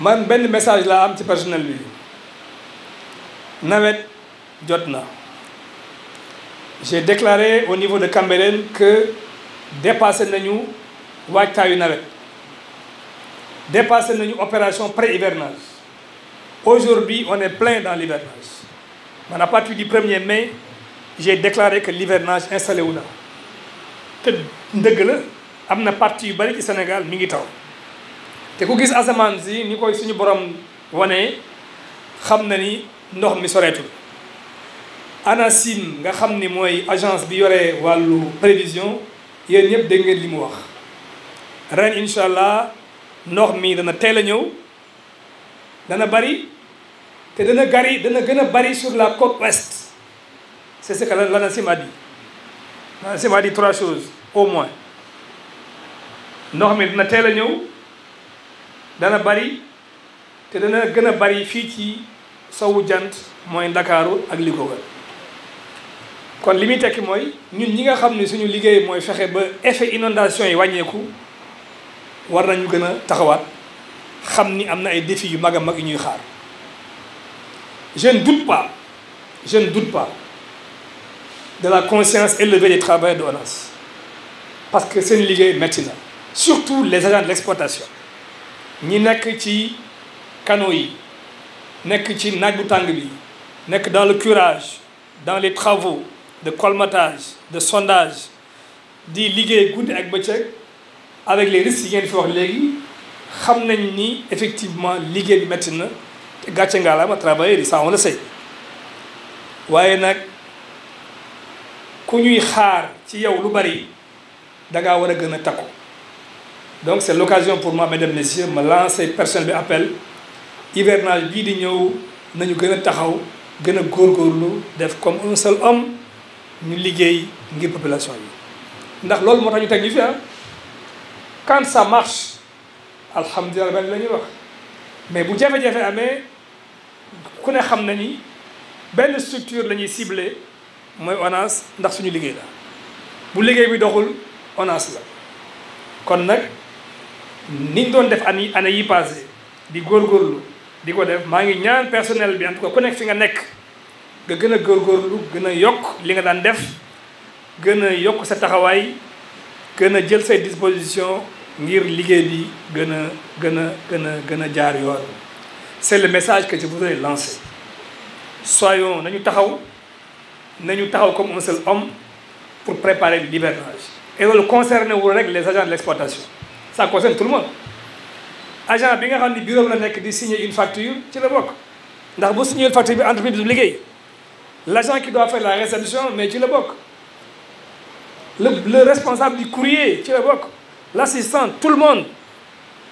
man benn message laa am ci personnel bi nawet jot na j'ai déclaré au niveau de Cambérène que dépassé nañu waajtaayu nawet dépassé nañu opération pré-hivernage aujourd'hui on est plein dans l'hivernage man à partir du 1er mai j'ai déclaré que l'hivernage installé wu na te dëgg la am na parti yu bari ci Sénégal mi ngi taw te ku gis asamaan si ni koy suñu borom wane xam na ni ndox mi soreetul ANACIM nga xam ni mooy agence bi yore wàllu prévision yéen ñëpp dégg ngeen li mu wax ren incha allah ndox mi dana teel a ñëw dana bari te dana gari dana gën a bari sur la côte ouest c'est ce que l'ANACIM a dit Ah, c'est va di trois choses au moins ndox mi dina teel a ñëw dana bari te dana gën a bari fii ci sowu jant mooy ndakaaru ak li ko kon li muy tekki mooy ñun ñi nga xam ne suñu liggéey mooy fexe ba effet inondation yi wàññeeku war nañu gën a taxawaat xam ni am na ay défis yu mag a mag yu ñuy xaar je ne doute pas je ne doute pas de la conscience élevée des travailleurs de ONAS parce que seen liggéey métti na surtout les agents de l'exploitation ñi nekk ci canaux yi nekk ci naaj bi nekk dans le curage dans les travaux de colmatage de sondage di liggéey guddi ak bëccëg avec les risques yi ngeen fi wax léegi xam nañ ni effectivement liggéey bi métti na te gàcce ngaa la ma di ça on le sait waaye nag ku ñuy xaar ci yow lu bari dangaa war a gën a takku donc c'est l'occasion pour moi mesdames messieurs ma lancer personnel bi appel hivernage bii di ñëw nañu gën a taxaw gën a góor góorgóorlu def comme un seul homme ñu liggéey ngir population yi ndax loolu moo tax ñu teg ñu fi ah quand ça marche alhamdulilah benn la ñuy wax mais bu jafe-jafe amee ku ne xam na ni benn structure la ñuy ciblé mooy ONAS ndax suñu liggéey la bu liggéey bi doxul ONAS la kon nag niñ doon def année année yi passé di góor góorgóorlu di ko def maa ngi ñaan personnel bi en ko cas nekk fi nga nekk nga gën a góorgóorlu gën a yokk li nga daan def gën a yokk sa taxawaay gën a jël say disposition ngir liggéey bi gën a gën a gën a gën a jaar yoon c'est le message que je voudrais lancer soyons nañu taxaw nañu taxaw comme un seul homme pour préparer le hivernage et loolu concerné wul rek les agents de l'exploitation ça concerne tout le monde agent bi nga xam ne bureau la nekk di signer une facture ci la bokk ndax bu signer une facture bi entreprise bi liggéey l'agent qui doit faire la réception mais ci la bokk le le responsable du courrier ci la bokk l'assistant tout le monde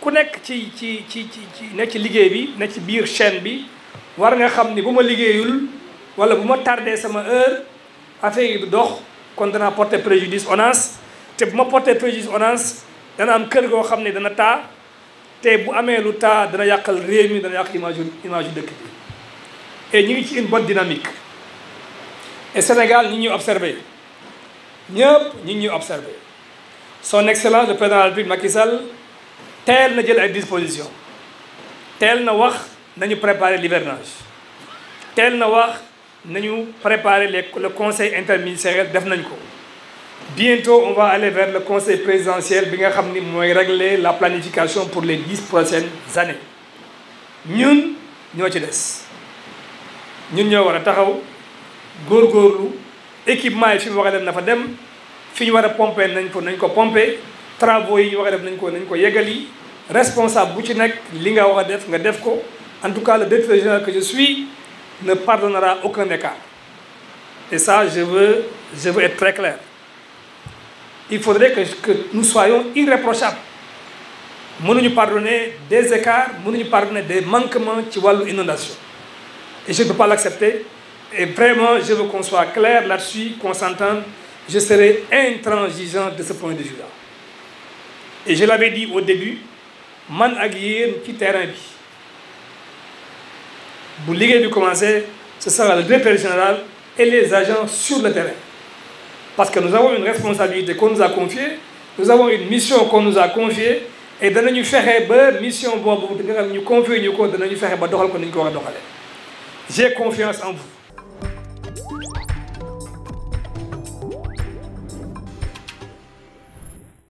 ku nekk ci ci ci ci ci nekk ci liggéey bi nekk ci biir chaîne bi war nga xam ni bu ma liggéeyul wala bu ma tardé sama heure affaire yi du dox kon danaa porter préjudice ONAS te bu ma porter préjudice ONAS dana am kër goo xam ne dana taa te bu amee lu taa dana yàqal réew mi dana yàq image yu dëkk bi et ñu ngi ci une bonne dynamique et Sénégal ñi ñuy observé ñëpp ñu ngi ñuy observé son excellence le président de la République Macky Sall teel na jël ay disposition teel na wax nañu préparer l'hivernage teel na wax nañu préparer les le conseil interministériel def nañ ko bientôt on va aller vers le conseil présidentiel bi nga xam ni mooy régler la planification pour les dix prochaines années ñun ñoo ci des ñun ñoo war a taxaw góorgóorlu équipement yi fi mu war a dem na fa dem fi ñu war a pomper nañ ko nañ ko pomper travaux yi ñu war a def nañ ko nañ ko yeggali responsable bu ci nekk li nga war a def nga def ko en tout cas le directeur général que je suis ne pardonnera aucun écart. Et ça, je veux, je veux être très clair. Il faudrait que, que nous soyons irréprochables. mënuñu pardonner des écarts mënuñu pardonner des manquements ci wàllu inondation et je ne peux pas l'accepter et vraiment je veux qu'on soit clair là-dessus qu'on s'entende je serai intransigeant de ce point de vue-là et je l'avais dit au début man ak yéen ci terrain bi bu liggéey bi commencé ce sera le directeur général et les agents sur le terrain parce que nous avons une responsabilité qu'on nous a confiée nous avons une mission qu'on nous a confiée et danañu fexe ba mission boobu nga xam ñu confié ñu ko danañu fexe ba doxal ko ni ñu ko war a doxalee j'ai confiance en vous